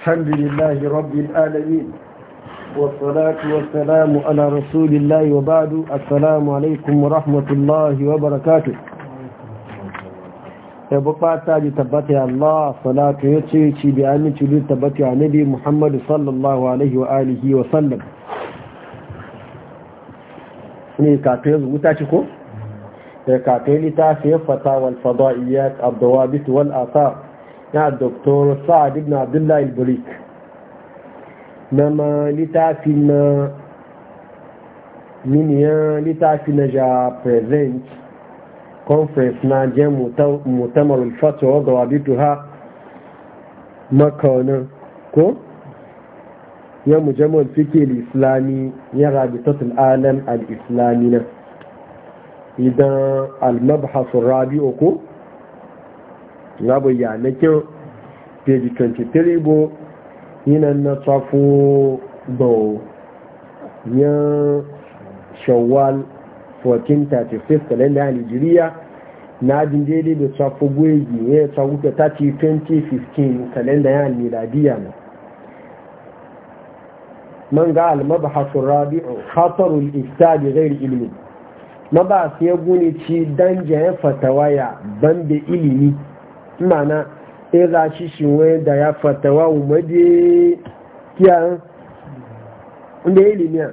الحمد لله رب العالمين والصلاة والسلام على رسول الله وبعد السلام عليكم ورحمة الله وبركاته ebo pata ji tabbata ya Allah salatu ya ce ci ya nabi Muhammad sallallahu alaihi wa alihi wa sallam ni ka ta ko eh, ka ta yi ta fi fata wal fada'iyat abdawabit wal athar na doktor sa'ad ibn abdullahi al-burik na ma littafi na miniyan littafi na ja conference na jen mutamar fatawa ga wabitu ha makaunin ko ya mujammal fikir islami ya rabitattun alam al-islami na idan al-mabhasun rabi'u ko gaba ya na kyau page 23 bo yinan na tsafo bau yan shawwal 1435 kalenda a nigeria na ajin daidai da tsafo gwegi ya tsawo ta tafi 2015 kalenda ya miladiya na man ga almabhasun rabi'u khatarul ifsadi ghairi ba su yi guni ci dan jayen fatawaya ban da ilimi mana ya e za shi shi wani da ya fatawa umarje kiyan inda ilimiya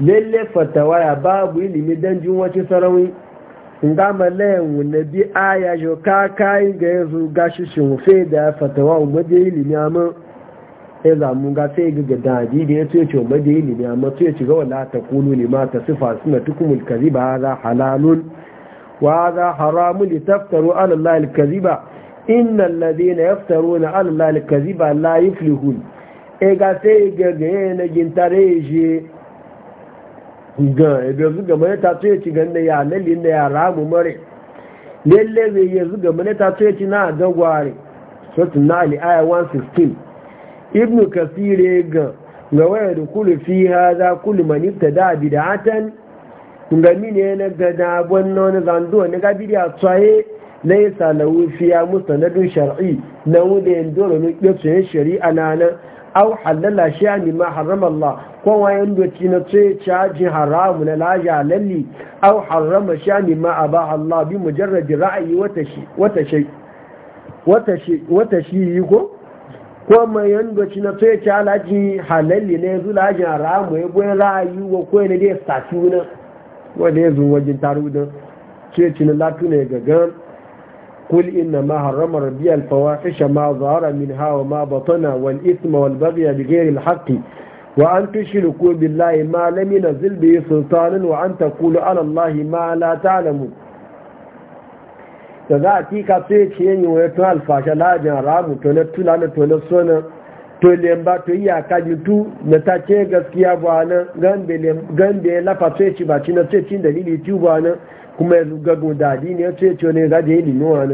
lalle fatawa ya babu ilimi don jin wacin sarauni inda malayan wunne bi aya yau kakayin ga yanzu ga shi wufe da ya fatawa umarje ilimiya ma. sai e zamu ga sai ga dadi da ya ce umade ilimi mun sai ci ga wala ta kunu ne ma ta sifa suna tukumul kazi ba za halalun وهذا حرام لتفتروا على الله الكذبة إن الذين يفترون على الله الكذبة لا يفلحون إذا تيغا غينا جنتاريجي ebe su ga ta tsoye ci ganin ya lalli na ya ramu mare lalle zai yi ta ci na na ali aya 116 ibnu kasire ga ga wayar da kulu fi za kulu manifta da bid'atan ga mini na gada abun wannan wani zando na gabiri a tsaye na yi salawu fiya musanadin shar'i na wanda yin dole ne ƙirƙirin shari'a na nan au halalla shi a nima haram Allah ko yin doki na tsaye caji haramu na laja halalli au harama shi a nima a ba Allah bi mujarrabi ra'ayi wata shi yi ko ko mai yanda ci na tsaye ci halalli na yanzu lajin haramu ya goyi ra'ayi wa koyi na dai safi wunan wanda ya zo wajen taru don cecin latuna ya gagan kul ina ma harama rabia alfawa isha ma min hawa ma batana wal isma wal bagya bi gairi alhaqi wa an da ko billahi ma lami na zilbe sultanin wa an takulu ala allahi ma la ta'lamu da za a kika sai ce yin wani tun alfashe lajin aramu tonar tunanin tonar to lemba to iya kaji tu na ta ce gaskiya ba na gan da ya lafa sai ci ba ci na sai cin dalili ci ba na kuma ya e gago da adini ya e ce ci ne za da ya limi wa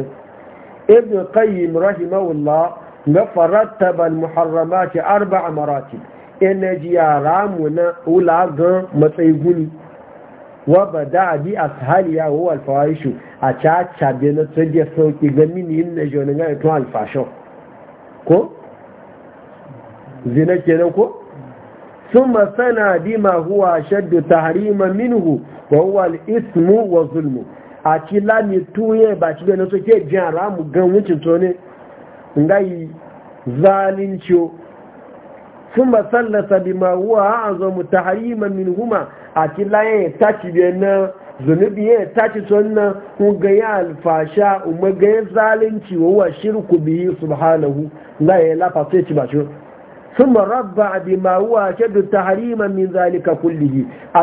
ibn qayyim rahimahullah muharrama ce arba a arba'a ina e ji ya ramu na ula gan matsayi guni wa bada bi ashaliya ya wo fawaishu a cha na tsaje sauki ga mini yin na jonin ga ito alfashon ko zina kenan ko sun masana bima huwa shaddu tahrima minhu wa huwa al-ismu wa zulmu a ci lami tuye ba ci bai na ke jin haramu gan wucin to ne ngayi zalincio sun masallasa bima huwa azamu tahrima minhuma a ci laye ta ci bai na zunubi ya ta ci na kun ga ya alfasha umma ga ya zalunci wa wa shirku bihi subhanahu la ya lafa sai ci ba shi sun ma rabba a bi mawuwa ke dun ta hariman min a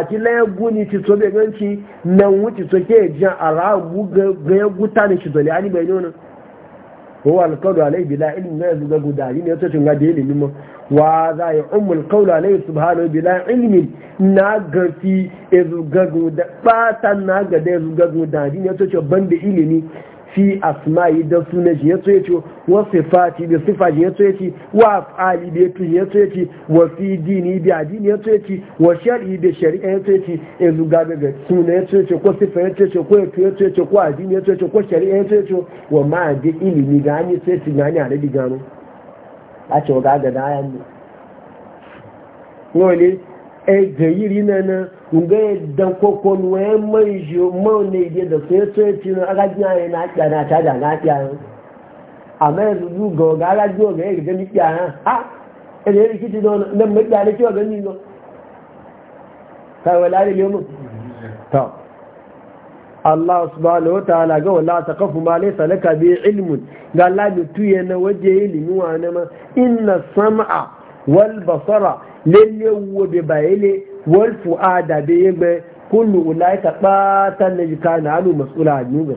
ti na ya guni ci to be ganci na wuti to ke a rabu ga ya guta ne ci to liyani bai nuna kowa alkawar alai bi la'in na ya zuga gudari ne ya ta cin gajiyar ilimin ma wa za a yi umul kawul alai su hano bi la'in ilimin na gafi ya zuga gudari ne ya ta cin gajiyar ilimin fi asma'i da sunan shi ya tsoye ce wa sifati da sifa shi ya tsoye ce wa afali da yato ya tsoye ce wa fi dini da adini ya tsoye ce wa shari'i da shari'a ya tsoye ce ya zuga daga sunan ya tsoye ce ko sifa ya tsoye ce ko yato ya tsoye ce ko adini ya tsoye ce ko shari'a ya tsoye ce wa ma da ilimi da an yi tsoye ce ga an yi aladi gano a ce wa gaga da ayan ne. Wale, e gayiri na na nga da koko nuwe mai jiyo mau da sai sai ci na aga na kiya na ta da na kiya yanzu zu ga ga aga ga ga ni kiya na ha ele ele kiti don na mai da ne kiwa ga ni no kai wala ne mu to Allah subhanahu wataala ga wala taqafu ma laysa laka bi ilmun ga Allah bi tuye na waje ilimi wa na ma inna sam'a wal basara lalle wo be bayele wal fu'ada be yebe kullu ulaika batan ne kana anu mas'ula annuga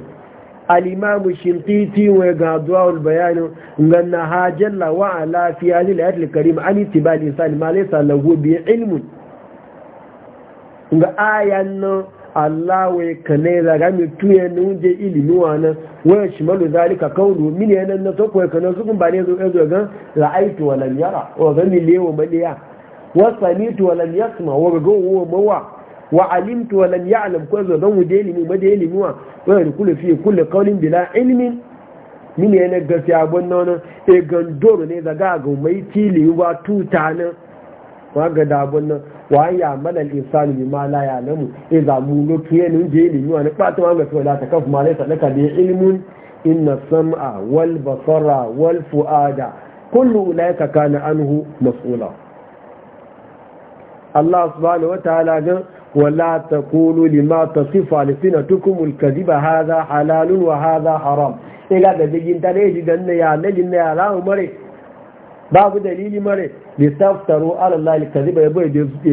al-imam shintiti wa gadwa wani bayan ganna hajalla wa lawa a lafiya ne ayat al-karima an itibal insan ma laysa lahu bi ilmun ga ayan Allah wai kane zaga mi tuye ne unje ilimi wana waya shimalu zalika kaulu min yanan na sokwe kana sukun ba ne zo e ga ra'aitu wa lam yara wa ga mi lewo maliya Wasani wa lam yasma wa ga gowo mawa wa alimtu wa lam ya'lam ko zo dan wude ni ma da ilimi wa wa kullu fi kullu qawlin bila ilmin min ne na gaskiya bonnon e doro ne da ga mai tili wa tutana wa ga da bonnon wa ya mala al-insanu bima la ya'lamu e za mu lokiye nun je ni wa ne pata wa ga so da ta kafu ma da ka bi ilmun inna sam'a wal basara wal fu'ada kullu ulaika kana anhu mas'ula Allah subhanahu wa ta'ala ga wala taqulu lima tasifu alsinatukum alkadhiba hadha halalun wa hadha haram ila da jigin tare ji dan ne ya ne jin ne ya rawu mare babu dalili mare da taftaru ala Allah alkadhiba yabo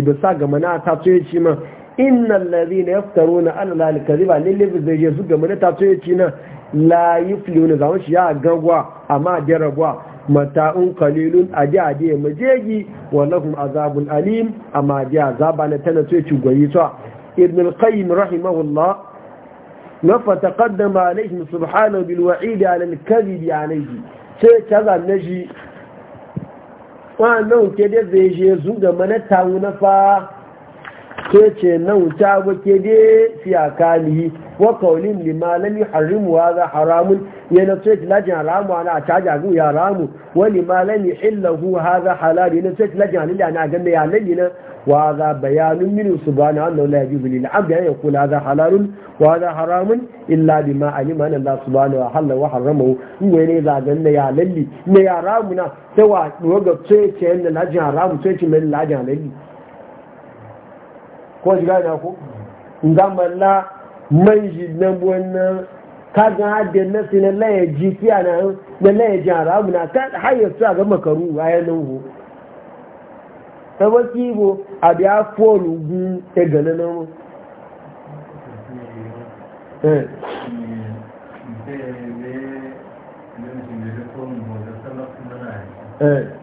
da sa ga mana ta ce shi ma innal ladhina yaftaruna ala Allah alkadhiba lillazi zai je su ga mana ta ce shi na la yufliuna zawo shi ya gagwa amma jarabwa mata'un qalilun aje aje majegi walahum azabun alim amma ji azaba na tana so ci goyi to ibn qayyim rahimahullah na fataqaddama alaihim subhanahu bil wa'id ala al-kadhib alayhi sai kaza shi. wannan ke da zai je zu ga mana tawo na fa ke ce na wuta wake ne fi a kalihi wa kaulin limalami harimu wa za haramun yana na ce lajin haramu ana caji a ya haramu wa limalami illahu ha za halali yana ce ce lajin halali ana ganda ya lalli na wa za bayanun minu su ba na wannan lafi zuli na abu ya kula za halalun wa za haramun illa bi ma alima na Allah subhanahu wa halla wa haramu in wai ne za ganda ya lalli ne ya haramu na sai wa ga ce ce yana lajin haramu ce ce mai lajin halali ko ji gane ngamba la manji na nan wannan ka ga hadde na sine la ya na da la ya na ka hayya su ga makaru ayan nan ho sabo kibo abi afolu gun e gana nan eh eh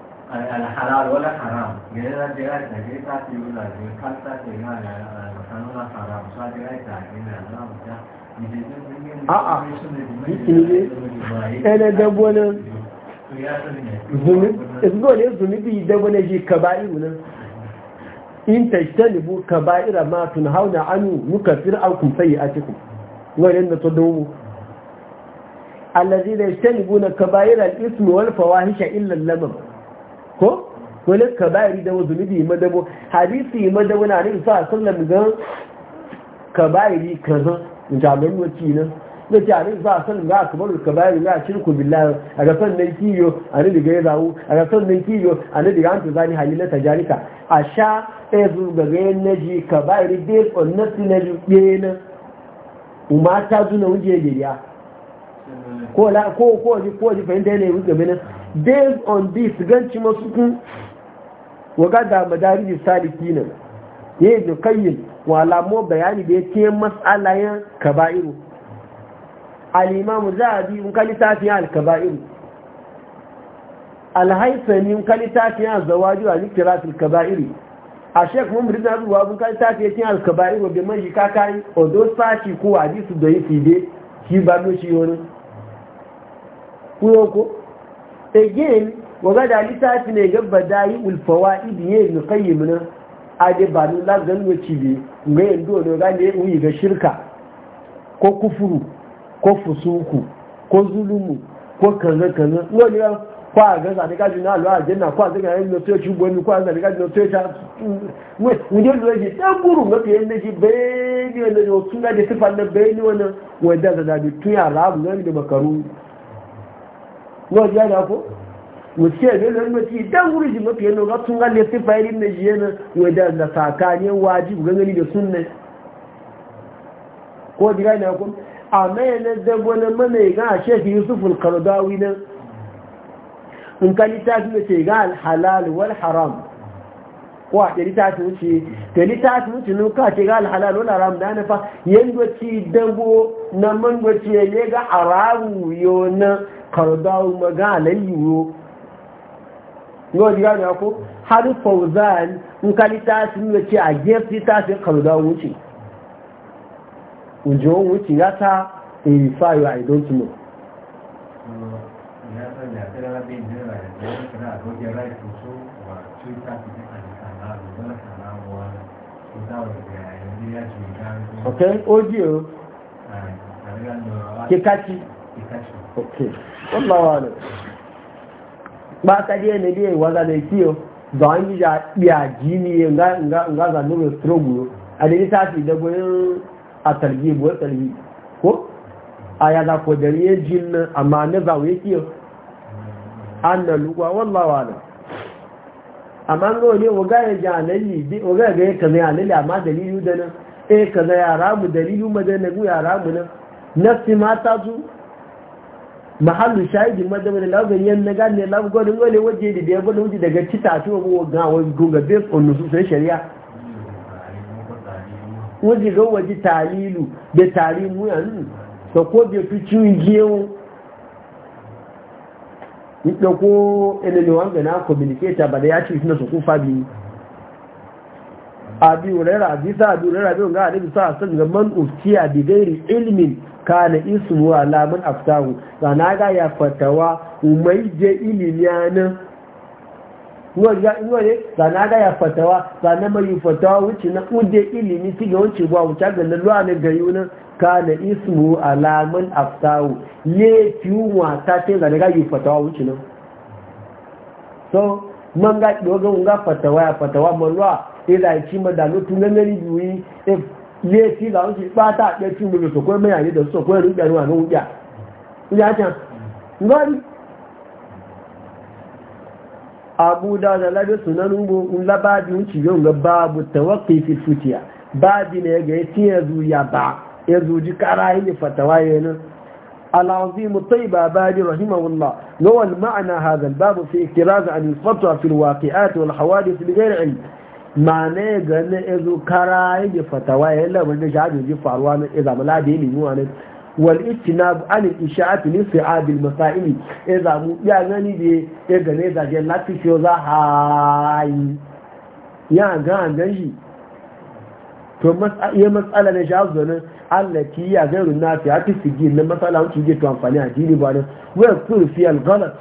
الحلال ولا حرام غير ذلك غير ذلك يقول لك خاصة تجمع مثلا ولا حرام شو هذا غير ذلك إن الله مجا آه أنا دبونا زمن إذن قول زمن بي دبونا جي كبائرنا إن تجتنبوا كبائر ما تنهون عنه مكفر أو كم سيئاتكم ولن نتدوم الذين يجتنبون كبائر الإثم والفواهش إلا اللمم ko wani ka bayari da wasu zunubi madabo hadisi madabo na ne sa sallam gan ka ka kazan jami'in wacce nan na ce a nan za a sanin kamar ka bayani na shirku billahi a ga sannan kiyo a nan da ya zawo a ga sannan kiyo a nan diga hantu zani halila ta jarika a sha ɗaya zu ga gayen na ka bayani yi on nasi na ji ɗaya na umar ta zuna wuje gariya ko la ko ko ji ko ji fahimta ne wuce mene based on this ganci masu kun waga da madarij salikin ne ibn qayyim wa alamo bayani da yake mas'alayan kaba'iru al-imam bi in kali fi al-kaba'iru al in kalita fi az-zawajir al-iktiraf al a shek mun birnin zuwa mun kalita fi yakin al-kaba'iru bi mai kakai kai odo sashi ko hadisu da yake fide shi ba mu shi yoro kuyo ko again waga da littafi ne gaba ya kayi muna a da ba ni lagan wace ne ga yin dole ga ne ga shirka ko kufuru ko fusuku ko zulumu ko kaza kaza kwa ga na alwa ajanna kwa zaga yin na tsoye shi gwani kwa ta buru wani wasu da sifan na bayani wani wadda zana da tuya rabu na da makaru wọ́n jẹ́ àjá kó wuce ne mafi idan wuri mafi yana ga sun galle su fayirin na shi yana wadda da sakanin wajibu gangani da sunna ko jira na kun a mai na dabo na mana ga a shefi yusuf al-kardawi nan in ka littafi da ce ga al-halal wal haram ko a ɗari littafi wuce da littafi wuce nun ka ce ga al-halal wal haram da na fa yanzu ci dabo na man wace ne ga haramu yau na kardawu maga alayyo yau gani ako har fauzan in ka littafi ne ce a gefe littafin kardawu wuce ujo wuce ya ta verify your i don't know Okay, audio. Okay. wallawa ne ba ka je ne dai waza da kiyo da an yi ya ji ne nga nga nga za nuru strogu a da ta fi da goyin a tarbi bo tarbi ko a ya da ko da ne jin amma ne za wuye kiyo an da lugwa wallawa ne amma ngo ne waga ya ja lalli bi waga ga ya kaza ya lalli amma dalilu da nan eh kaza ya ramu dalilu madana gu ya ramu nan nafsi ma ta mahallu shahidin madama da labarin yan na gane labarin wani waje da biyar gudun wuce daga cita su wani ga wani gunga based on nusu sai shari'a waje ga waje talilu da tari muyan sa ko bai fi ciwon giyan da ko ililewan ga na communicator ba da ya ce suna su kufa biyu abi abi bisa abi urera biyu ga adabi sa sun ga man uftiya bi gairi ilmin kana ismu alamun aftahu zana ga ya fatawa umai je ilimiyanin wani zana ga ya fatawa zana mai fatawa wuce na kuje ilimi ti ga wuce ba wuce ga lalluwa na gayu nan kana ismu alamun aftahu ne fiwa ta ce zana ga yi fatawa wuce na. so man ga dogon ga fatawa ya fatawa man ruwa ila e ci madalu tunan gari yi. E ye ti létí làwọn ti pátá àpẹtù mi lòsòkó mẹ́rin àyèdè sòkó ẹ̀rù ìgbẹ̀rún àmì oúnjẹ ìyá àjàn ngọ́rí abu da da la bi sunan bu un la ugbo nla babi wuce yau ga bu tawakki fi futiya ba babi ne ga ti ya du ya ba ya du ji kara yi yin fatawa yana العظيم الطيب عبادي رحمه الله نوى المعنى هذا الباب في اكتراز عن الخطوة في الواقعات والحوادث بغير علم mane ga na ezo kara yake fatawa ya labar da shahadu ji faruwa na izama ladi ne yiwuwa ne wal ittinab an isha'ati li si'ab al masail e za mu ya gani be ya gane ne je lati fiyo za hayi ya ga gan shi to ya matsala ne shahadu zanen Allah ki ya gairu na fi hati sigi na matsala wuce je to amfani a jini ba ne wa kun fi al galat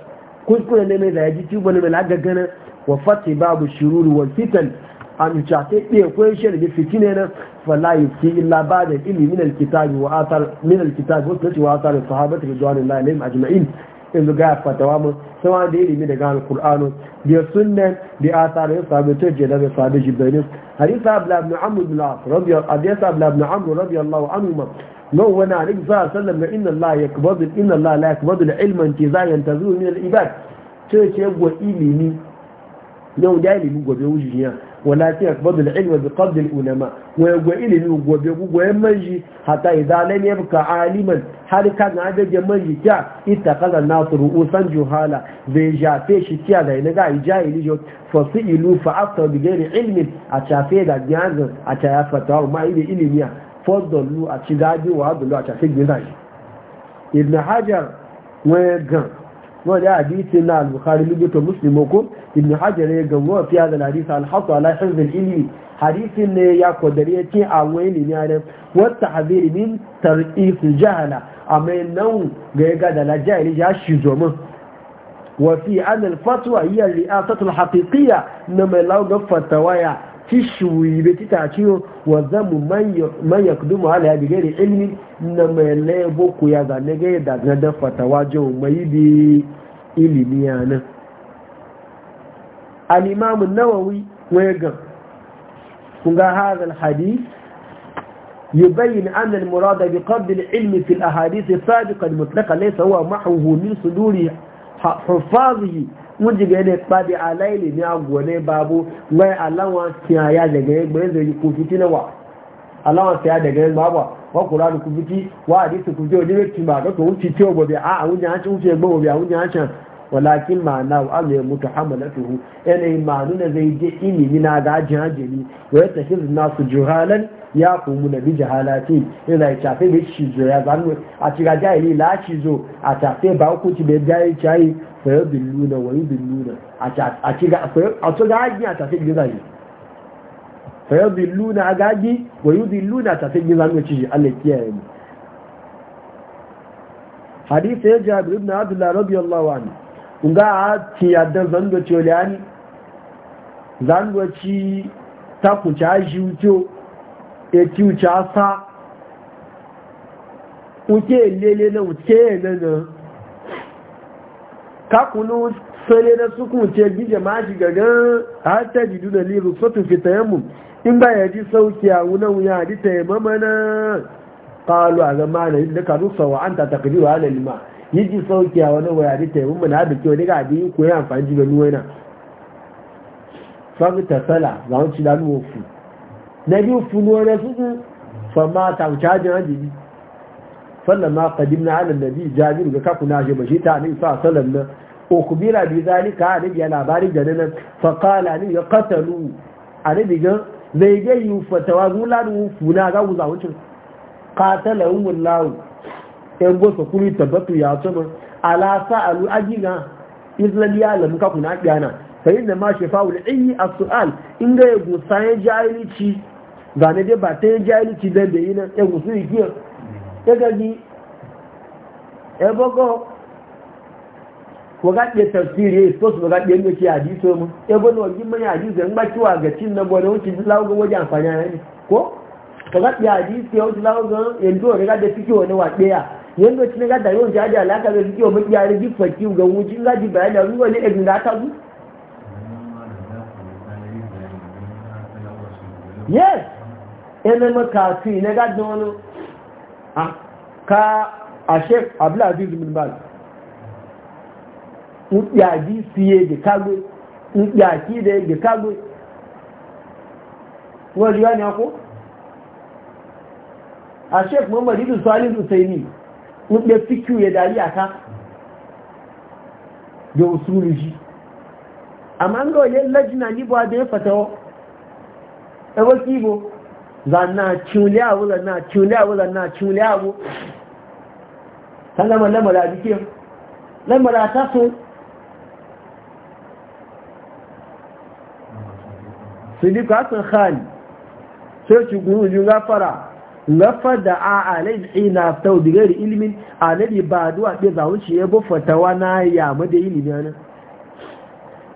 kuskure ne mai da ya ji tubo ne mai lagagana wa fati babu shururu wal fitan anuca ta ɗaya ko shi da fitine na falayi ki illa ba da ilmi min alkitabi wa athar min alkitabi wa tasi wa athar sahabati ridwanullahi alaihim ajma'in in ga fatawa mu sama da ilmi daga alqur'anu da sunna da athar je da sahabi jibril hadith abla ibn amr ibn al-as radiya hadith abla ibn amr radiyallahu anhu لو وانا عليك صلى الله عليه وسلم ان الله يقبض ان الله لا يقبض العلم انتزاعا ينتزعه من العباد تشي يغو ilimi yau da ilimi gobe wujiya ولا تقبض العلم بقبض العلماء ويقوى إلي ويقوى بيقوى يمجي حتى إذا لم يبقى عالما هل كان عدد يمجي كا اتقل الناس رؤوسا جهالا بيجا فيش كا لينقا إجاهل جو فصئلوا فأصر بغير علم أتشافيدا جانزا أتشافتها وما إلي إلي ميا فضلوا أتشدادي وأضلوا أتشافيد بذلك ابن حجر ويقوى wani hadisi na al-bukhari lubuta muslimu ko ibn hajar ya gamu fi hada hadisi al-hasu ala hizbul ilmi hadisi ne ya kodari ya ce a wani ne ne wata hadiri min tarqis jahala amma nan ga da gada la jahili ya shi zoma wa fi an al-fatwa hiya al al-haqiqiyya na mai lauga fatawa تشوي بتتعشيه وذم من يقدم على بغير علم انما يلبو كيا غنغي دغد فتواجه ميدي علميانا الامام النووي ويغا كغا هذا الحديث يبين أن المراد بقبض العلم في الأحاديث السابقة المطلقة ليس هو محوه من صدور حفاظه mun jiga ne alaili ni agwone babu mai alawa a ya daga ya gbe zai ku na wa alawa daga babu wa ti ba da to wuce ce gobe a a wunya wuce a wunya an walakin ma'ana wa azu ya mutu hamalatuhu yana imanu na zai je ilimi na ga ajiyar wa ya tafi nasu juhalan ya kumu na bi jahalati ina tafe bi ya zanu a tiga jahili la zo a tafe ba ku ti be jahili chai fa yudilluna wa a tiga a to ji a tafe bi fa gaji wa tafe bi zanu ci Allah hadisi ya jabir ibn abdullah radiyallahu anhu a yadda zango ci zango ci eti uche asa uche elele na uche ele na kakunu sele na suku gije ma shi gagan har ta jidu da liru sotu in ba ya ji sauki a wunan wuya taimama a zama na yi an ta wa lalima a taimama na kyau na biyu funuwa na suku fama tamcajin hajji sannan ma kadim na halin nabi jabir ga kaku na shi bashi ta nin sa salam na bi zalika anabi ya labarin da nan fa qala ni ya qatalu anabi ga zai ga yu fatawa gulanu funa ga wuza wucin qatala umullahu en go so kuri tabatu ya tuma ala sa'alu ajina islamiya lam kaku na sayin da ma shafa'ul ayyi as-su'al in ga yago sai jahilci ga ne dai ba ta jahilci da da yi nan ya su yi ya gaji ya bago waga ɗaya tafsiri ya isko su ga ɗaya ne ke hadiso mu ya bani wajen mai hadiso in ba kiwa ga cin na gwada wuce ji lagun waje amfani ne yanni ko waga ɗaya hadiso ya wuce lagun yanzu wani ga da fiki wani wa ɗaya yanzu wacce na ga da yawan jaji alaka da fiki wa maƙiyari ji fakki ga wuce in ga ji bayani a ruwa ne ɗin da ta zuwa yes ene makafi ne gadon wani ka a sheik abdulaziz bin baz ya ji siye da kago ya ki da ya kago wani ya ne ko a sheik muhammad ibn salim usaini wanda fikiyu ya dari a ka da usulu shi amma an ga wajen lajina ni ba da ya fatawa ɗaba kibo zanna cule abu zanna cule abu zanna cule abu ta zama lamara jikin lamara ta so sadiq hassan khan sai ci guru jun gafara lafar da a alai ina tau diga da ilimin alai ba duwa ɗin zaunci ya bufata wana ya da ilimin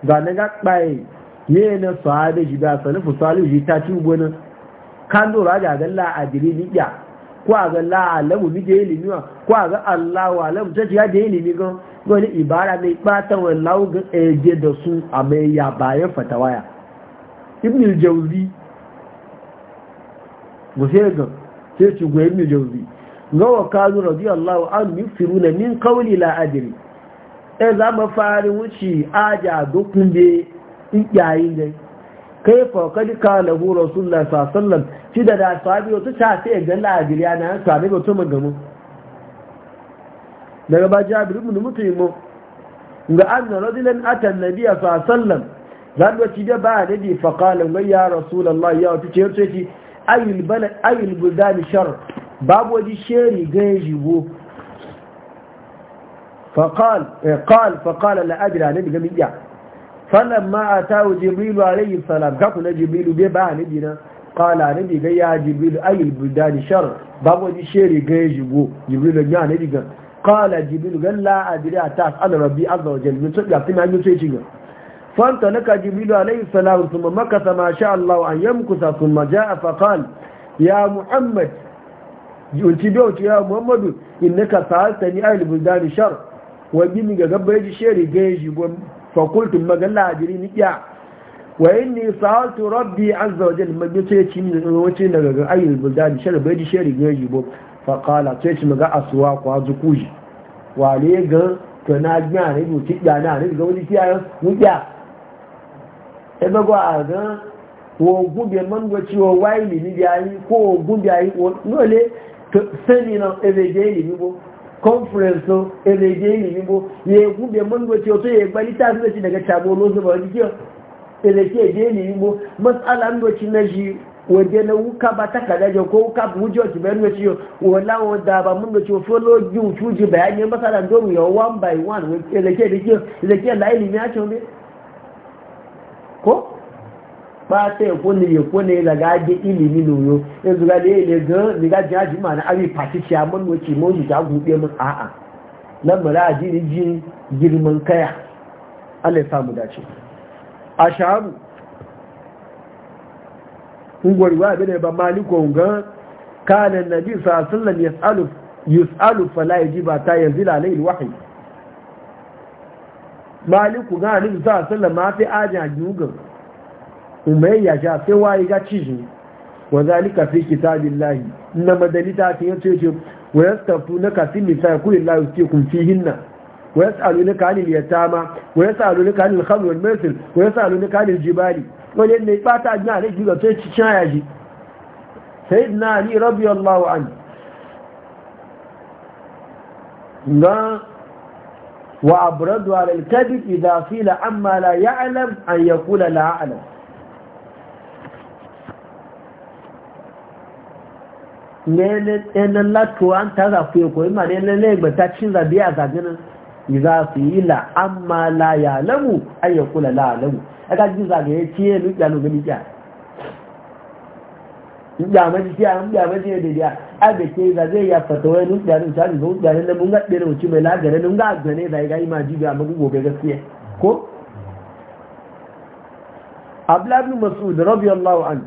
ga na gaɓaye ye na sahabe shi da salafu salihu shi ta ci gwanin kan dora ga la adiri liya ko aga la alamu mi je ilimi wa ko ga Allah wa alamu ta ci ya je ilimi gan go ni ibara mai bata wa lawo ga eje da su a ya bayan fatawaya ibn al-jawzi go sai ga sai ci go ibn jawzi ga wa kanu radiyallahu anhu yufiruna min qawli la adiri e za mu fari wuce aja dokun iyayen dai kai fa kadi ka lahu rasulullah sallallahu alaihi wasallam shi da da sahabi wato ta ce ga lajiriya na sahabi wato magamu daga ba jabir ibn mutaim ga anna radilan ata nabiyya sallallahu alaihi wasallam zan wace da ba da bi fa qala mai ya rasulullah ya wato ce ce ci ayul balad ayul buldan shar babu waji sheri ga jibo فقال قال فقال لا ادري انا بجميع falamma atahu jibrilu alayhi salam ka kuna jibrilu be ba nabi dina qala nabi ga ya jibrilu ayil buldani shar babu di sheri ga jigo jibrilu ya nabi ga qala jibrilu ga la adri atas ala rabbi azza wa jalla to ya tina ni sai ciga fanta naka jibrilu alayhi salam thumma makatha ma sha Allah an yamkusa thumma jaa fa qala ya muhammad yunti bi wuce ya muhammadu innaka sa'altani ayil buldani shar wa bi mi ga gabba ji sheri ga jigo فقلت ما قال jiri nikiya wa yin ni sa'altu rabbi azza wajal mabi sai ci min wace daga شر ayyul buldani shar bai di shari ga jibo fa qala sai ci maga aswa kwa zukuji wale ga to na gina na ga wo gube man go ci wo waili ni biayi ko gube ayi wo nole to sani na ebe ni bo conference no elege ilimi bo ye gube mun do ce to ye gbali ta su ci daga tabo lo ba wani kiyo elege ege ilimi bo masala ndo ci na shi waje na wuka ba ta kada je ko wuka bu jo ci ben weci wala o da ba mun do ci folo ju ju ji bayani masala ndo yo one by one elege elege elege la ilimi a ci ba ta yako ya yako ne daga ga ilimi noyo yanzu zuga ne ile ga ni ga jiya jima na abi patici a mun wuce mun ji ta gube a a'a nan mura ni jin girman kaya Allah ya samu dace a shahabu ungwari wa ne ba maliko ga kana nabi sallallahu alaihi wasallam yasalu yusalu fala yajiba ta yanzila alaihi alwahyi maliku ga nabi sallallahu alaihi wasallam ma fi ajin ajugan umayya ja sai waye ga ciji wa zalika fi kitabillahi inna madalita ta yace ce wa yastafunaka fi nisa kulillahu yusikum fihinna wa yasalunaka anil yatama wa yasalunaka anil khamr wal maisir wa yasalunaka anil jibali wale ne ba ta ajna alaiki ga sai ci chaya ji sayyidina ali radiyallahu anhu ga wa abradu ala al-kadhib idha qila amma la ya'lam an yaqula la a'lam yanar latuwa ta zafi ya koyi mana yanar laigba ta cin zabi a zaganin yi za su yi la'amma la ya lamu an ya kula la lamu a kajin zagaye ce ya nuka nuka nuka nuka maji ce an nuka maji ya daidai a da ke zagaye ya fata wani nuka nuka nuka nuka nuka mun ga ɗaya wuce mai lagare nun ga gane da ya ga ima jibi a magugo bai gaskiya ko Abdullahi Masud radiyallahu anhu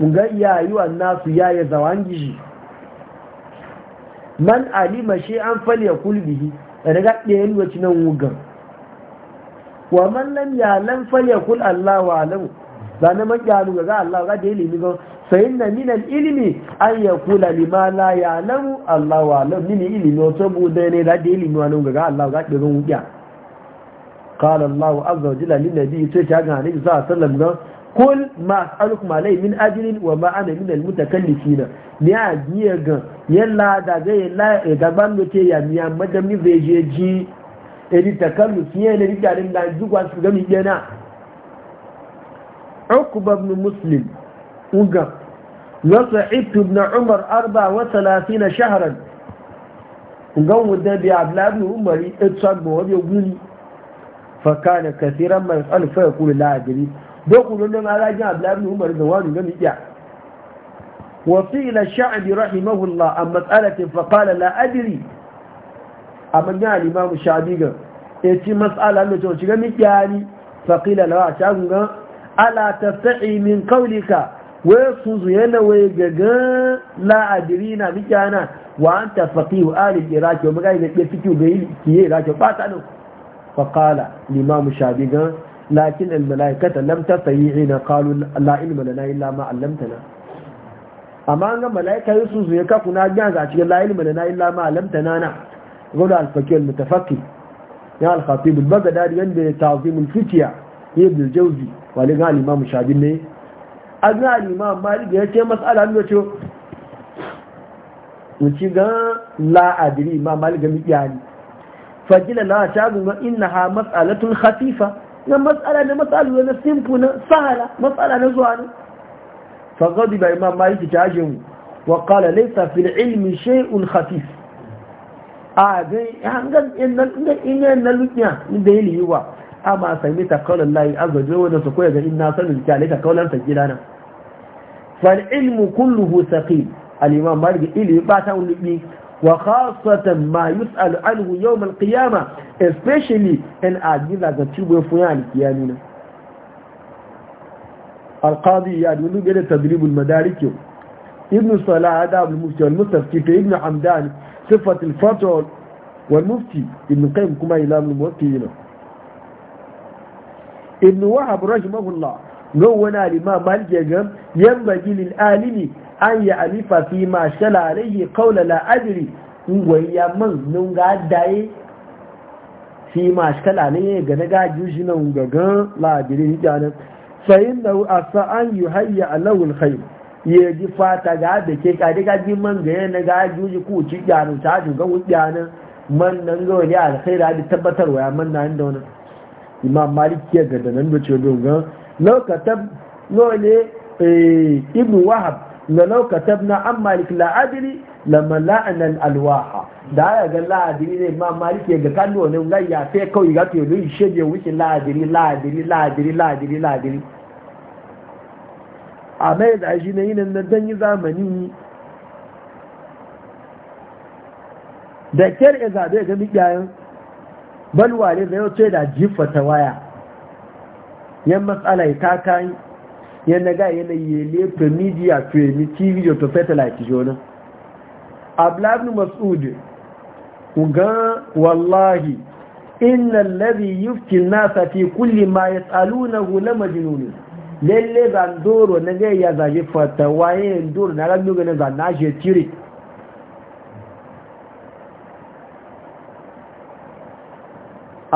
ga iya yi wa nasu ya yi zawan gishi man alima shi an falya kulbihi da ga ɗayan wacce nan wugan wa man lam ya lam ya kul Allah wa alam ba na maƙyalu ga Allah ga da ilimi ba sayin na min ilimi an ya kula lima la ya lam Allah wa alam min ilimi wato bu da ne da da ilimi wannan ga Allah ga ɗayan wuya qala Allah azza wa jalla lin nabi sai ta ga annabi sallallahu alaihi wasallam kul ma as'alukum alai min ajrin wa ma ana min almutakallifina ni a biya ga yalla da ga yalla e da ban do ce ya miya madam ni veje ji e ni takallufi ne ni da rin da jugwa su ga mi yana ukba ibn muslim uga wa sa'id ibn umar 34 shahran ugan wadda bi abdullah ibn umar itsa gbo wa bi guni fa kana kathiran man fa yaqulu la ajrin don ku don dama rajin ablabin umar da wani gami iya wasu ila sha'abi rahimahullah a matsalatin faƙala la'adiri a manyan alimamu sha'abi ga ya ci matsala da cewa shiga mikiya ni faƙila lawa a shagun gan ala ta sa'i min kaulika wai su zu yana wai gaga la'adiri na mikiya na wa an ta faƙi wa alin da ke fi kiyo ga yi iraki wa ɓata nan faƙala gan lakin almalaikata lam tasayi'ina qalu la ilma lana illa ma 'allamtana amma an ga malaika yusu ya ka kuna jan za cikin la ilma lana illa ma 'allamtana na gola al-fakir mutafakki ya al-khatib al-baghdadi yanda ta'zim al-fitya ibn al-jawzi wa li gal imam shabin ne an ga imam malik ya ce mas'ala ne ce mu ci ga la adri imam malik ga mi yani fajila la shagun ha mas'alatun khafifa na matsala na matsala na simfu na sahala matsala na zuwa ne faƙaɗi ba imam maliki ta ajiye mu wa ƙala laisa fil ilmi shay'un khafif a ga hangan inyan na lukiya da yi liyuwa amma sami ta kaunar layi azaje wanda su koya ga ina sanin ta laita kaunar ta gida na. fal ilmu kulluhu saqim al imam maliki ilmi ba ta lubi wa khasatan ma yus'alu anhu yawm al-qiyamah especially in ajiza ga cibo fun al-qiyami al-qadi ya dulu bi tadrib al-madarik ibn salah adab al-mufti al-mustafti fi ibn hamdan sifat al-fatwa al mufti ibn qayyim kuma ilam al-muwakkilin ibn wahab rahimahullah gowwana al-imam malik ya gam yanbaghi lil-alimi an yi alifa fi ma yi kaula la'adiri ngwayya man nun ga daye fi ma ne ga na gaju shi nan gagan la'adiri hijanin sayin da asa an yi hayya alawul khair ya ji fata ga da ke kadi gaji man ga na gaju shi ko ci gyanin ta ji ga wuɗyanin man nan ga wani alkhaira da wa ya man na inda wani imam maliki ya ga da nan da ce dogon lokacin ne eh, ibn wahab lalau na an malik la'adiri lamma la'anan alwaha da aya ga la'adiri ne ma malik ya ga kallo ne ga ya fe kawai ga to yi shege wuce la'adiri la'adiri la'adiri la'adiri la'adiri a mai da shi na yin nan dan yi zamani da kyar ya zabe ga miƙayen balwale da yau ce da jifa ta waya yan matsala ya kakan yana ga yana yele to media to mi tv to satellite jona abla ibn mas'ud uga wallahi inna alladhi yufti an-nasa fi kulli ma yas'alunahu la majnun lalle zandoro na ga ya zaje fatawa yin duro na rabu ga na na je cire.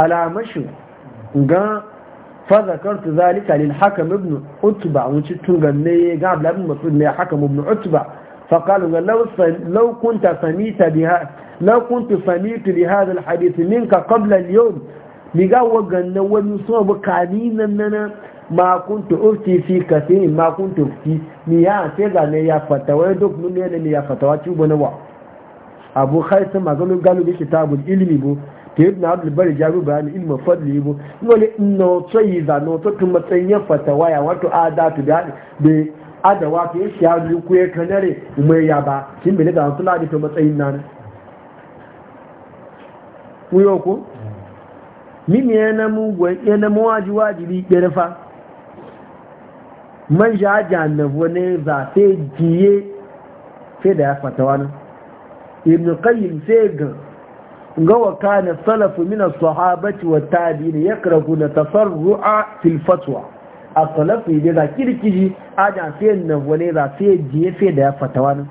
alamashi ga فذكرت ذلك للحكم ابن عتبة وتتغني قبل ابن مسعود ما حكم ابن عتبة فقال لو لو كنت سميت بها لو كنت سميت لهذا الحديث منك قبل اليوم لقوا قلنا ونصوب قانينا لنا ما كنت افتي في كثير ما كنت افتي ميا سيدا يا فتوى دوك نيا يا فتوى تشوبنا أبو خيثم قالوا قالوا بكتاب العلم بو ta yi na bari jaru bayani ilmin fadli bu wani noto yi za noto tun matsayin ya fata waya wato adatu da adawa ke yi shi yaro ku ya kanare mai ya ba kin bane da hankula da ta matsayin nan ku yau ku mini ya na mugun ya na mawaji wajibi ƙirfa man ja jannabu ne za sai jiye sai da ya fata wani ibn qayyim sai ga gawa kana salafu min as-sahabati wa tabi'in na tasarru'a fil fatwa as-salafu idan da kirkiji ajan sai na wane da sai jefe da ya fatawa nan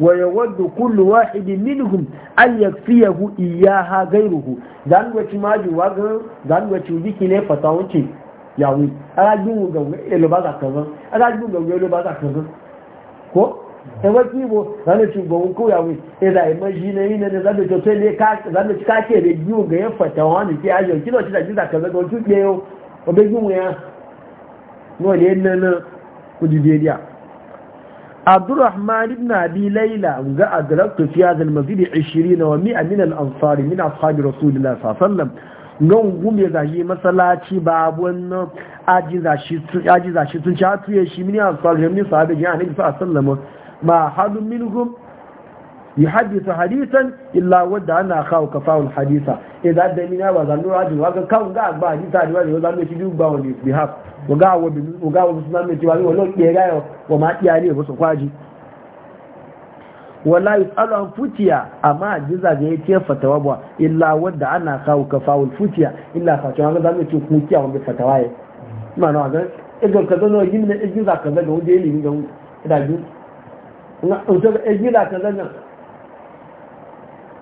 wa yawaddu kullu wahidin minhum an yakfiyahu iyyaha ghayruhu dan wace maji wa ga dan wace biki ne fatawa ce yawi aga gun ga ba za ka kan aga gun ga ga lo ba ka kan ko ẹmọ́ kí ìbò lọ́nà tí gbogbo kúyàwó ìdá ìmọ́ yìí ní ilẹ̀ ní lọ́nà kake tẹ́lẹ̀ lọ́nà ga ya rẹ̀ yíò gẹ̀yẹ́ fẹ̀tẹ̀ wọn ní kí ayọ̀ kí lọ́tí nàìjíríà kẹlẹ́gbẹ̀ ojú gbé ya wọ́n lè nana kùdìdì ẹ̀díà abdurrahman ibn abi layla ga adraktu fi hadha al-masjid 20 wa 100 min al-ansar min ashabi rasulillah sallallahu gan gume zashi masallaci babu wannan aji tun ci hatuye shi min ansar min sahabi ji annabi sallallahu a sallama. ma hadun minhum yuhaddithu hadithan illa wadda ana kawo kafawul haditha idan da mina ba zanu rajin wa ga kan ga ba haditha da wani zanu shi duk ba wani bihaf wa ga wa bin wa ga wa sunan mai tiwani wala ke ga yo wa ma tiya ne ba su kwaji wala yusalu futiya amma jiza da fatawa ba illa wadda ana kawo kafawul futiya illa fa cewa ga zanu ci kukiya wa fatawa ye ma no ga idan ka zo no yin ne idan ka zo da wani da ilimin da da egila ta zannan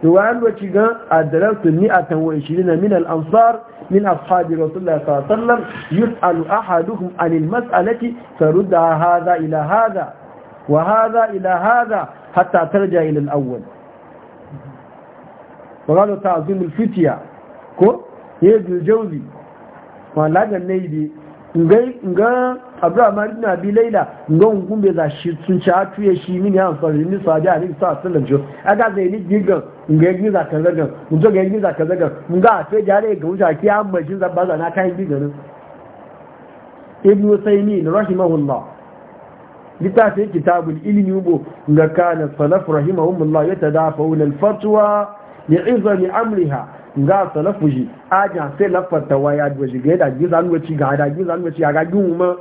tuwayen doki gan adararsu ni a tanwa 20 min al'amsar min ashabi rasulullah sallallam yus'alu ahaduhum anil mas'alati farudda hadha ila hadha wa hadha ila hadha hatta tarja ila al-awwal wa qalu ta'zim al-fitya ko yaji jawzi wa lagan ne ngan abdurrahman ibn abi laila ngan gumbe za shi sun ci a tuye shi mini an fa ni sa ja ni sa sallan jo aga ze ni giga ngan yi za ka zagan mun zo ngan yi za ka zagan mun ga a ja re ga wuce ki amma majin za ba za na giga ne ibn usaini rahimahullah sai kitabul ilmi bo nga kana salaf rahimahumullah yatadafa'u lil fatwa li'izami amriha ga salafu ji aja sai lafarta waya da ji ga da ji nuna ci ga da ji zanu ci ga gun ma